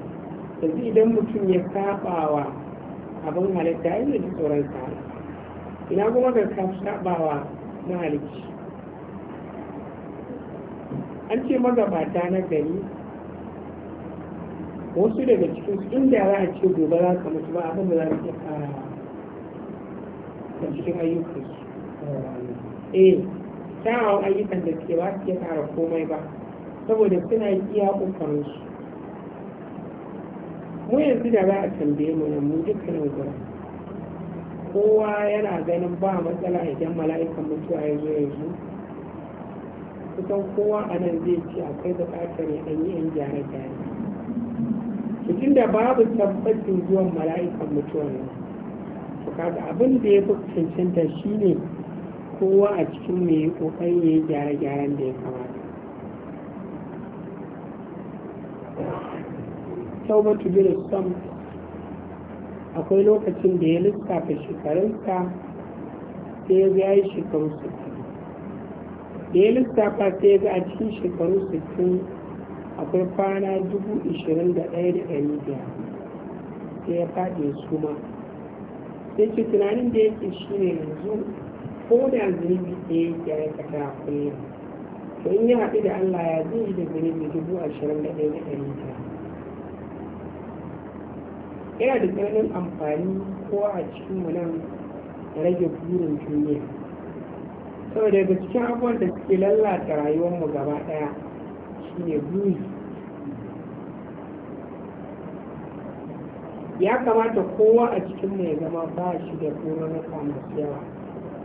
yanzu idan mutum ya saba wa abin halitta ya ji tsoron sa ina kuma ka saba wa mahalicci an ce magabata na gari wasu daga cikin inda za a ce gobe za ka mutu ba abin da za a ce fara da cikin ayyukansu eh kyawun ayyukan da ke ba su iya fara komai ba saboda suna iya ƙoƙarinsu mu yanzu da za a tambaye mu ji dukkan gura kowa yana ganin ba matsala idan mala'ikan mutuwa ya zo yanzu kusan kowa a nan zai ci akwai buƙatar ya ɗanyi yan gyare-gyare cikin da babu tabbacin zuwan mala'ikan mutuwa ne to kaga abin da ya fi cancanta shine kowa a cikin mai ƙoƙarin ya yi gyare-gyaren da ya kamata taubatu bin sam akwai lokacin da ya lissafa shekarunsa sai ya ga yi shekaru sittin da ya lissafa sai ya ga a cikin shekaru sittin akwai kwana dubu ashirin da ɗaya da ɗari biyar sai ya faɗi su ma sai ce tunanin da yake shi ne yanzu ko da zunubi ɗaya ya yi aikata a kullum to in ya haɗu da allah ya zai yi da zunubi dubu ashirin da ɗaya da ɗari biyar yana da tsananin amfani ko a cikin mu nan rage burin duniya saboda daga cikin abubuwan da suke lalata rayuwarmu gaba ɗaya shine buri ya kamata kowa a cikinmu ya zama ba shi da na masu yawa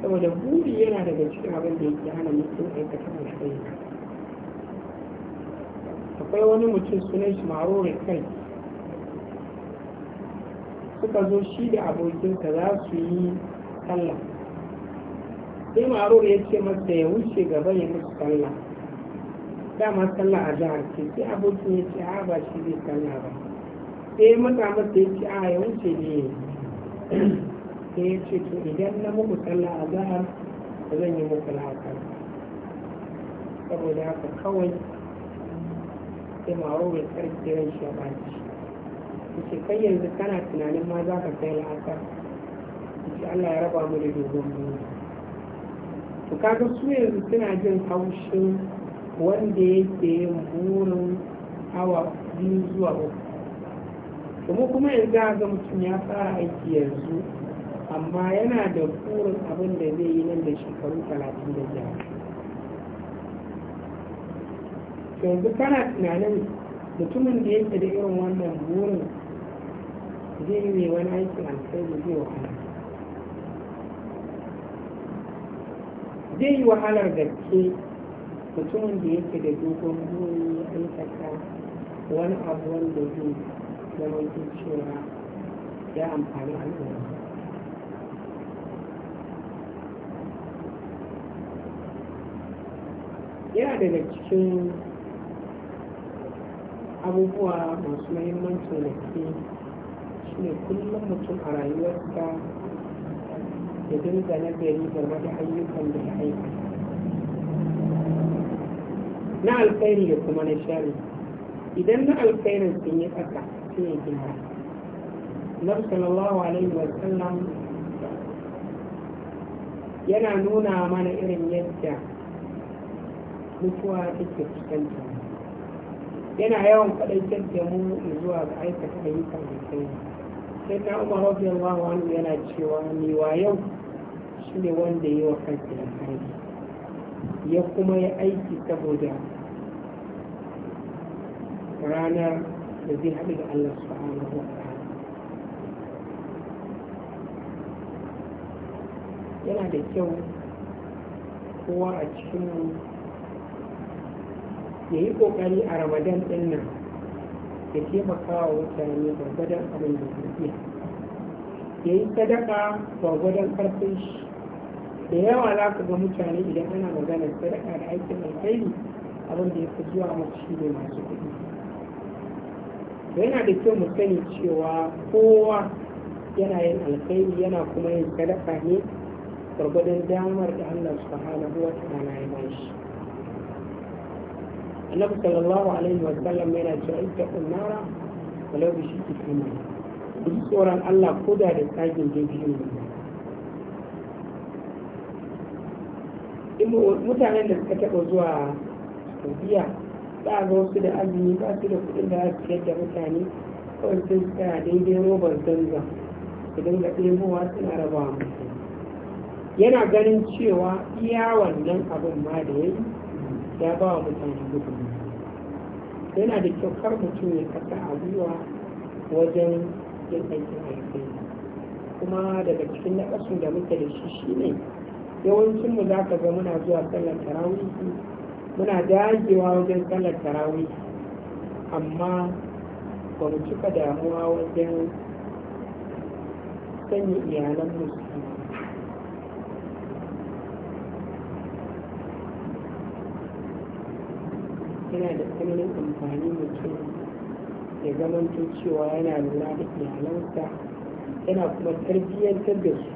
saboda buri yana daga cikin abin da yake hana mutum aikata mashayi akwai wani mutum sunan shi maro kai suka zo shi da ka za su yi sallah sai ma'arur ya ce masa ya wuce gaba ya musu sallah dama sallah a jihar ce sai abokin ya ce a ba shi zai sallah ba sai ya mata masa ya ce a ya wuce ne sai ya ce to idan na muku sallah a jihar ba zan yi muku la'akari saboda haka kawai sai ma'arur ya karfe ran shi a ba ce kai yanzu kana tunanin ma za ka kai la'asar ce Allah ya raba mu da dogon duniya to kaga su yanzu suna jin haushin wanda yake yin burin awa biyu zuwa uku kuma kuma yanzu a ga mutum ya fara aiki yanzu amma yana da burin abin da zai yi nan da shekaru talatin da biyar yanzu kana tunanin mutumin da yake da irin wannan burin zai yi wani aikin alkhairi zai wahala zai yi wahalar gaske mutumin da yake da dogon buri ya aikata wani abu wanda zai zama cewa ya amfani al'umma yana daga cikin abubuwa masu mahimmancin ke shi ne kullum mutum a rayuwarsa ya dinga nazari game da ayyukan da ya aika na alkhairi da kuma na shari idan na alkhairin sun yi tsaka sun yi gina Na sallallahu alaihi wa sallam yana nuna mana irin yadda mutuwa take fuskanta yana yawan faɗaitar da mu zuwa ga aikata ayyukan da kai sai na umar wa anhu yana cewa ni wa yau shi ne wanda ya yi wa kanta da ya kuma ya aiki saboda ranar da zai haɗu da Allah subhanahu wa yana da kyau kowa a cikin ya yi ƙoƙari a ramadan ɗin nan ya taimakawa mutane gwargwadon abin da ke iya ya yi sadaka gwargwadon karfin shi da yawa za ka ga mutane idan ana maganar sadaka da aikin alkhairi abin da ya fi zuwa masu shi ne masu kuɗi yana da kyau mu sani cewa kowa yana yin alkhairi yana kuma yin sadaka ne gwargwadon damar da Allah subhanahu wa ta'ala ya bashi النبي صلى الله عليه وسلم yana cewa ita ولو walau bi shi kifini duk tsoron Allah ko da da tsakin mutanen da suka taɓa zuwa saudiya ba a ga wasu da azumi ba su da kuɗin da za su yadda mutane kawai sun suka daidai robar zanza su dinga suna rabawa mutane yana ganin cewa iya wannan abin ma da ya yi ya ba wa mutane gudunmu yana da kyaukar mutum ya kasa a gwiwa wajen yin aikin kuma daga cikin naƙasun da muke da shi shine yawancin mu za ka ga muna zuwa sallar tarawihi muna dagewa wajen sallar tarawihi amma ba mu cika damuwa wajen sanya iyalan musulmi yana da tsananin amfani mutum ya zamanto cewa yana lura da iyalansa yana kuma tarbiyyantar da su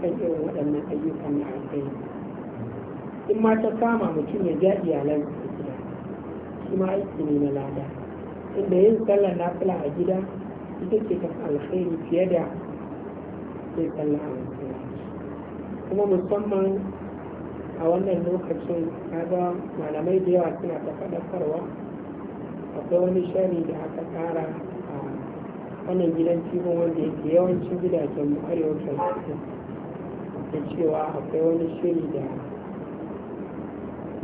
kan irin waɗannan ayyukan na alkhairi in ma ta kama mutum ya ja iyalansa gida shi ma aiki ne na lada inda yin sallar fila a gida ita ce ta alkhairi fiye da yin sallar a kuma musamman a wannan lokacin kaga malamai da yawa suna ta faɗakarwa akwai wani shari da aka ƙara a wannan gidan tibon wanda yake yawancin gidajen mu arewa da cewa akwai wani shiri da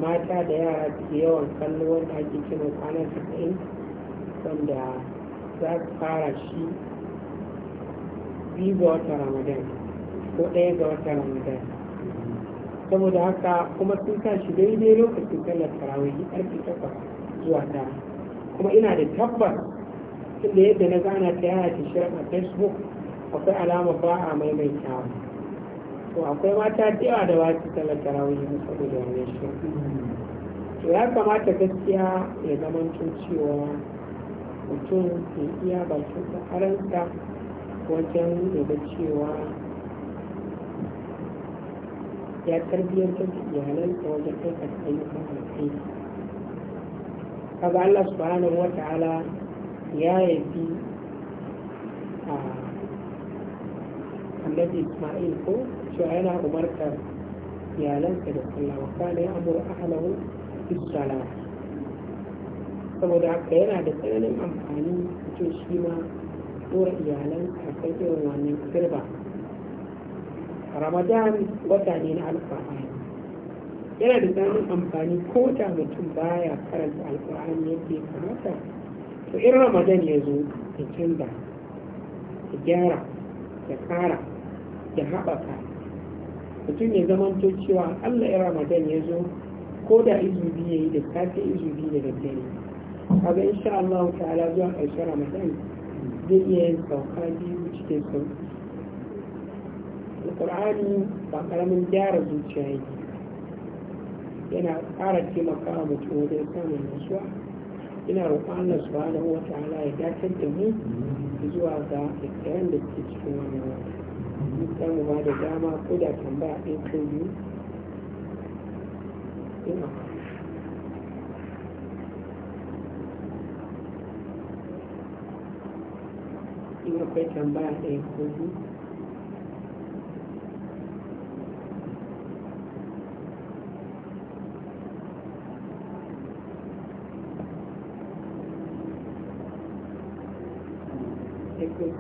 mata da yara ke yawan kallo wanda ake kira kwanan saba'in wanda za su fara shi biyu ga wata ramadan ko ɗaya ga wata ramadan saboda haka kuma sun sa shi daidai lokacin sallar tarawihi karfe takwas zuwa tara kuma ina da tabbas tunda yadda na gana ta yaya ta shirin a facebook akwai alama ba a maimaitawa to akwai mata da yawa da ba su sallar tarawih mu saboda wannan shi to ya kamata gaskiya ya tun cewa mutum ke iya bakin sa wajen da cewa ya tarbiyyantar da iyalansa wajen aikata ayyukan alkhairi kaga Allah subhanahu wa ta'ala ya yabi a annabi Isma'il ko cewa yana umartar iyalansa da sallah wa kana ya'muru ahlahu bis saboda haka yana da tsananin amfani mutum shi ma dora iyalansa a kan irin wannan kirba ramadan wata ne na alfahari yana da tsanin amfani ko da mutum baya karanta alfahari yadda ya kamata to in ramadan ya zo ya canza ya gyara ya kara ya haɓaka mutum ya to cewa allah ya ramadan ya zo ko da izubi ya yi da safe izubi da daddare kaga insha Allah ta'ala zuwa ƙarshen ramadan zai iya yin sauka biyu cikin sauki alƙur'ani ba ƙaramin gyara zuciya na yana ƙara taimakawa mutum wajen samun nasuwa ina roƙon Allah subhanahu wa ta'ala ya dakatar da mu zuwa ga ikiran da suke cikin wannan wata ba da dama ko da tambaya ɗaya ko biyu ina akwai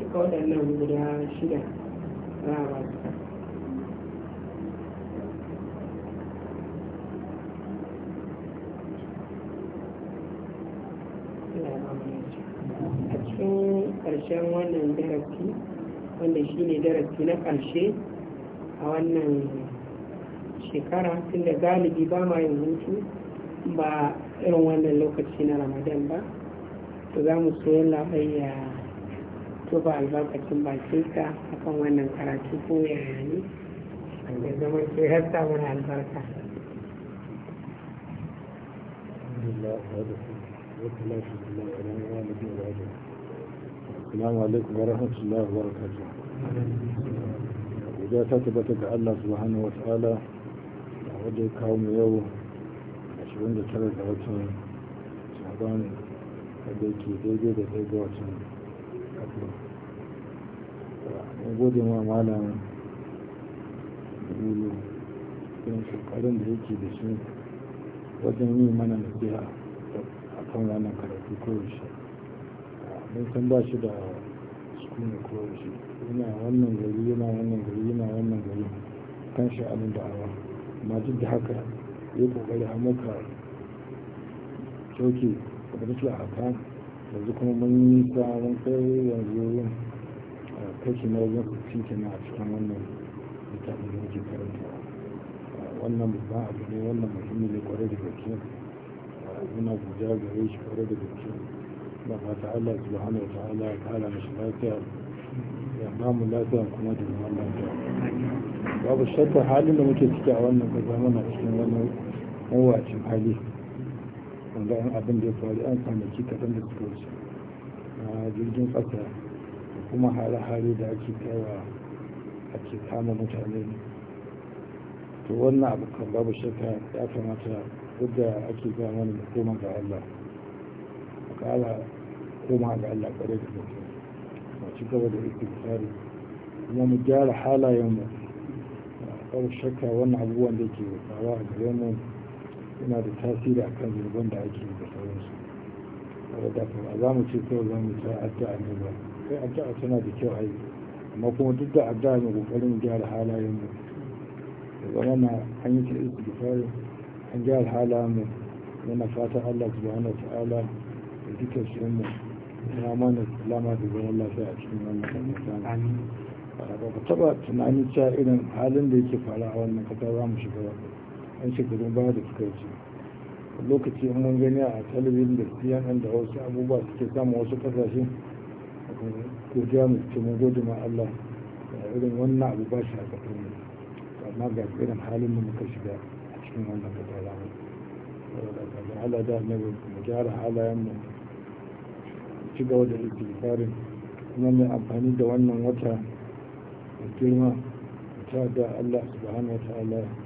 duka waɗannan guda shida a cikin ƙarshen wannan darasi wanda shi ne darasi na ƙarshe a wannan shekara tunda galibi ba ma yin hutu ba irin wannan lokaci na ramadan ba to za mu so yin ya tuba albarkacin bakin ka akan wannan karatu ko yaya ne wanda zama ke hasta mana albarka السلام allah ورحمة الله وبركاته إذا ya kawo سبحانه وتعالى a shirin da 29 da watan shaban da ke daidai da daidai watan gode ma malam gudu irin shekarun da yake da shi wajen yi mana nasiha a kan wannan karatu kowace mun san ba shi da sukuni kowace yana wannan gari yana wannan gari yana wannan gari kan sha'anin awa amma duk da haka ya kokari a maka sauke da mutu a kan yanzu kuma mun yi tsarin kai yanzu kashi na wajen kusi kenan a cikin wannan littafin da muke karanta wannan babban abu ne wannan muhimmi ne kwarai da gaske muna guda gare shi kwarai da gaske da fata Allah subhanahu wa ta'ala ya kara mashi lafiya ya ba mu lafiya kuma da zaman lafiya babu shakka halin da muke ciki a wannan kasa mana cikin wani mawacin hali bayan abin da ya faru an kwanaki kaɗan da suka wuce na jirgin ƙasa da kuma hare-hare da ake kaiwa ake kama mutane to wannan abu kan babu shakka ya kamata duk da ake gaya mana da koma ga Allah a ƙara koma ga Allah ƙwarai da gaske Ba ci gaba da tsari. kuma mu gyara halayenmu babu shakka wannan abubuwan da ke faruwa a gare mu yana da tasiri a kan zunuban da ake da sauransu a da a za mu ce kawai za mu ta addu'a ne ba sai addu'a tana da kyau aiki amma kuma duk da addu'a ne kokarin gyara halayen mu da zama na an yi ta istighfar an gyara halayen mu yana fatan Allah subhanahu wa ta'ala da duka shi mu ya mana salama da zama lafiya a cikin wannan kasa ba ba taba tunanin cewa irin halin da yake fara a wannan kasa za mu shiga wata 'yan shekarun baya da suka wuce lokaci mun gani a talabijin da cnn da wasu abubuwa suke samun wasu kasashe godiya mu ce mun gode ma allah irin wannan abu ba shi a ƙasar mu amma ga irin halin da muka shiga a cikin wannan ƙasa za mu da ala da annabi mu gyara halayen mu ci gaba da istighfarin kuma mai amfani da wannan wata da girma ta da allah subhanahu wa ta'ala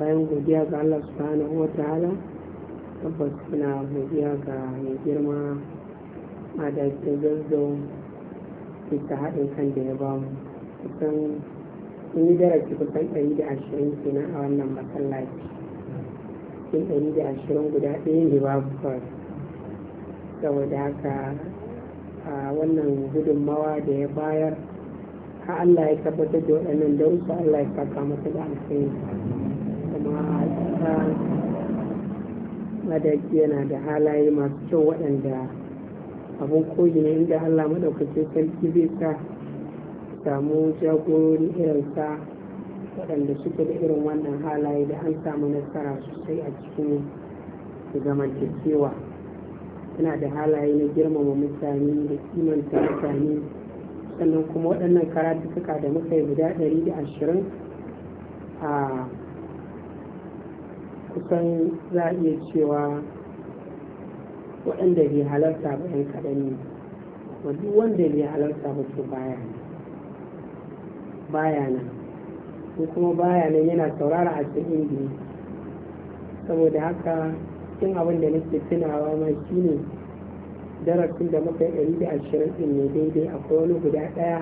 bayan godiya ga Allah subhanahu wa ta'ala tabbas suna godiya ga mai girma madakin zazzau ta haɗin kan da ya bamu kusan sun yi darasi kusan ɗari da ashirin kenan a wannan masallaci cikin ɗari da ashirin guda ɗaya ne babu kawai saboda haka a wannan gudunmawa da ya bayar har Allah ya tabbatar da waɗannan darussa Allah ya saka masa da alkhairi kuma a madaki yana da halaye masu kyau waɗanda abin koyi ne inda allah maɗaukacin sarki zai sa samu jagorori irinsa waɗanda suke da irin wannan halaye da an samu nasara sosai a cikin zamantakewa suna da halaye na girmama mutane da kimanta mutane sannan kuma waɗannan karatuka da muka yi guda ɗari da ashirin a ah, kusan za a iya cewa waɗanda bai halarta ba yan kaɗan ne ba duk wanda bai halarta ba su baya baya ko kuma baya nan yana saurara a cikin biyu saboda haka cikin abin da nake tunawa ma shine darasin da muka yi ɗari da ashirin ɗin ne daidai akwai wani guda ɗaya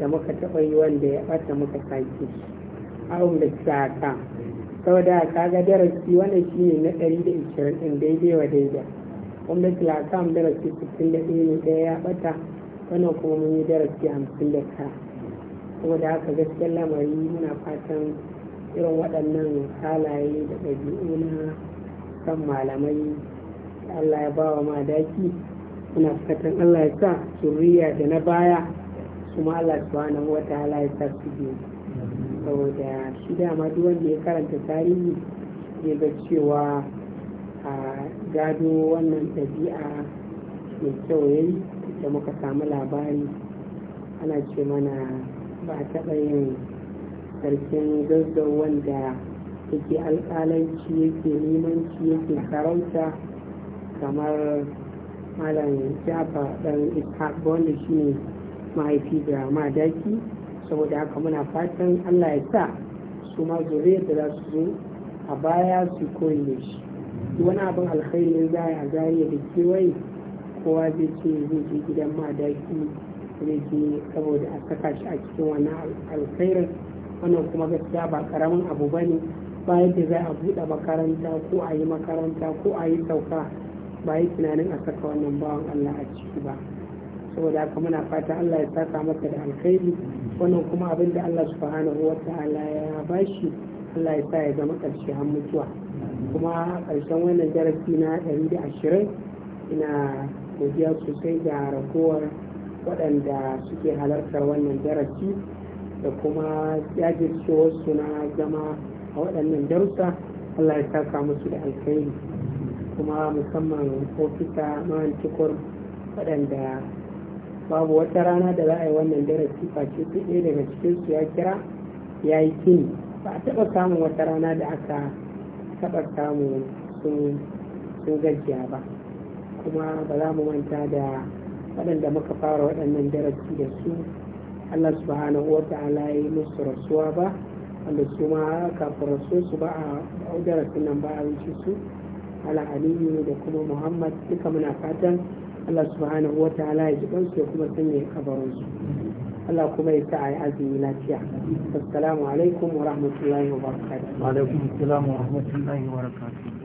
da muka taɓa yi wanda ya ɓata muka sake shi a da ta saboda kaga darasi shi ne na ɗari da ishirin ɗin daidai wa daidai gwamnati lakam darasi sittin da ɗaya ne ɗaya ya ɓata wannan kuma mun yi darasi hamsin da kuma saboda haka gaskiyar lamari muna fatan irin waɗannan halaye da ɗabi'u na kan malamai da Allah ya ba wa madaki muna fatan Allah ya sa surriya da na baya kuma Allah subhanahu wa ta'ala ya sa su biyu saboda shi dama duk wanda ya karanta tarihi zai ga cewa a gado wannan ɗabi'a mai kyau yayi da muka samu labari ana ce mana ba a taɓa yin sarkin gaggau wanda yake alƙalanci yake limanci yake sarauta kamar malam jafa ɗan ishaq wanda shi ne mahaifi da madaki saboda haka muna fatan allah ya sa su ma zuriyar da za su zo a baya su koyi ne shi wani abin alkhairin za a zariya da kewaye kowa zai ce zai je gidan madaki zai je saboda a saka shi a cikin wani alkhairin wannan kuma gaskiya ba karamin abu ba ne ba yadda za a buɗe makaranta ko a yi makaranta ko a yi sauka ba yi tunanin a saka wannan bawan allah a ciki ba saboda haka muna fata Allah ya saka maka da alkhairi wannan kuma abin da Allah subhanahu wa ta'ala ya bashi Allah ya sa ya zama ƙarshe har mutuwa kuma ƙarshen wannan darasi na 120 ina godiya sosai ga ragowar waɗanda suke halartar wannan darasi da kuma wasu na zama a waɗannan darussa Allah ya saka musu da alkhairi kuma musamman ofisa man waɗanda babu wata rana da za a yi wannan darasi face su ɗaya daga cikinsu ya kira ya yi kini ba a taɓa samun wata rana da aka taɓa samu sun gajiya ba kuma ba za mu manta da waɗanda muka fara waɗannan darasi da su Allah subhanahu wa ta'ala ya yi musu rasuwa ba wanda su ma kafin rasu ba a darasin nan ba a wuce su ala aliyu da kuma muhammad duka muna fatan Allah subhanahu wa ta'ala ya ji kansu ya kuma sanya kabarinsu Allah kuma ya sa a yi azumi lafiya assalamu alaikum wa rahmatullahi wa barakatuh wa alaikum assalam wa rahmatullahi wa barakatuh